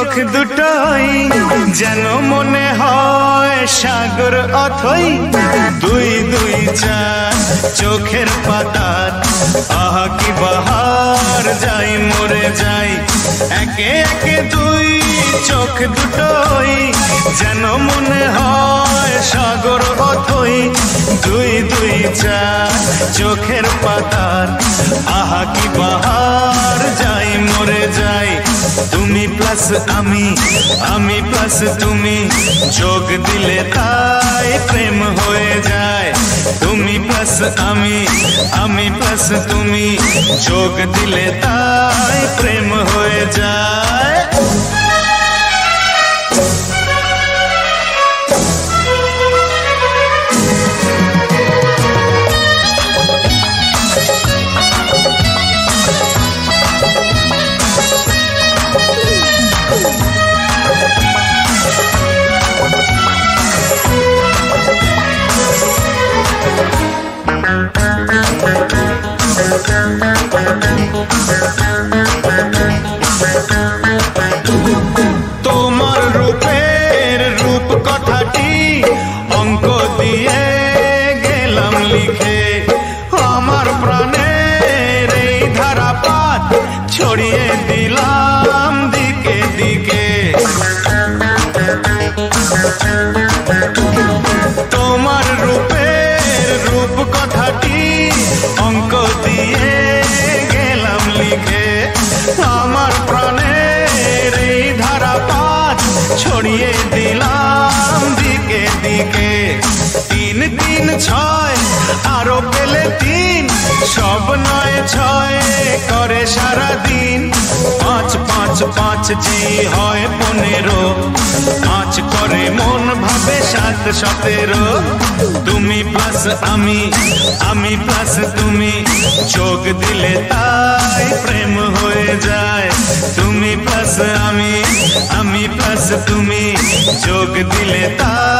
চোখ দুটোই যেন মনে হয় সাগর অথই দুই দুই চার চোখের পাতার আহা কি বাহার যাই মরে যাই একে একে দুই চোখ দুটোই যেন মনে হয় সাগর অথই দুই দুই চার চোখের পাতার আহা কি বাহার যাই মরে যাই তুমি প্লাস আমি আমি প্লাস তুমি যোগ দিলে তাই প্রেম হয়ে যায় তুমি প্লাস আমি আমি প্লাস তুমি যোগ দিলে তাই Tomar el তিন ছয় আরো পেলে তিন সব নয় ছয় করে সারা দিন পাঁচ পাঁচ পাঁচ জি হয় পনেরো পাঁচ করে মন ভাবে সাত সতেরো তুমি প্লাস আমি আমি প্লাস তুমি চোখ দিলে তাই প্রেম হয়ে যায় তুমি প্লাস আমি আমি প্লাস তুমি চোখ দিলে তাই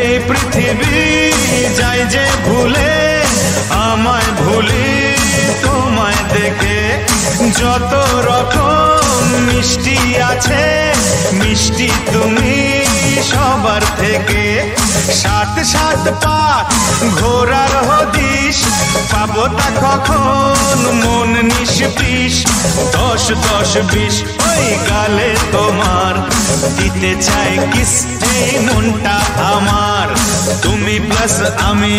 এই পৃথিবী যাই যে ভুলে আমায় ভুলি তোমায় দেখে যত রকম মিষ্টি আছে মিষ্টি তুমি সবার থেকে সাত সাত পা ঘোরার হদিস পাবো তা কখন মনে বিশ বিশ দশ দশ বিশ ওই গালে তোমার দিতে চাই কিস এই মনটা আমার তুমি প্লাস আমি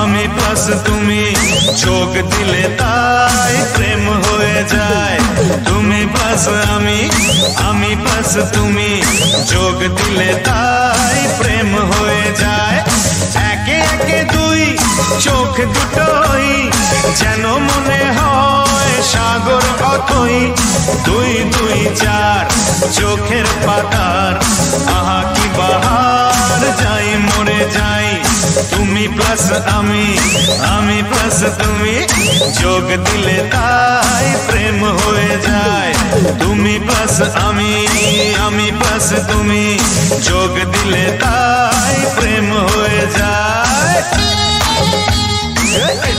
আমি প্লাস তুমি চোখ দিলে তাই প্রেম হয়ে যায় তুমি প্লাস আমি আমি প্লাস তুমি যোগ দিলে তাই প্রেম হয়ে যায় একে একে দুই চোখ দুটোই যেন মনে হয় सागर अखई दुई दुई चार चोखर पतार आहा की बाहर जाए मोरे जाए तुमी प्लस आमी आमी प्लस तुमी जोग दिले ताई प्रेम होए जाए तुमी प्लस आमी आमी प्लस तुमी जोग दिले ताई प्रेम होए जाए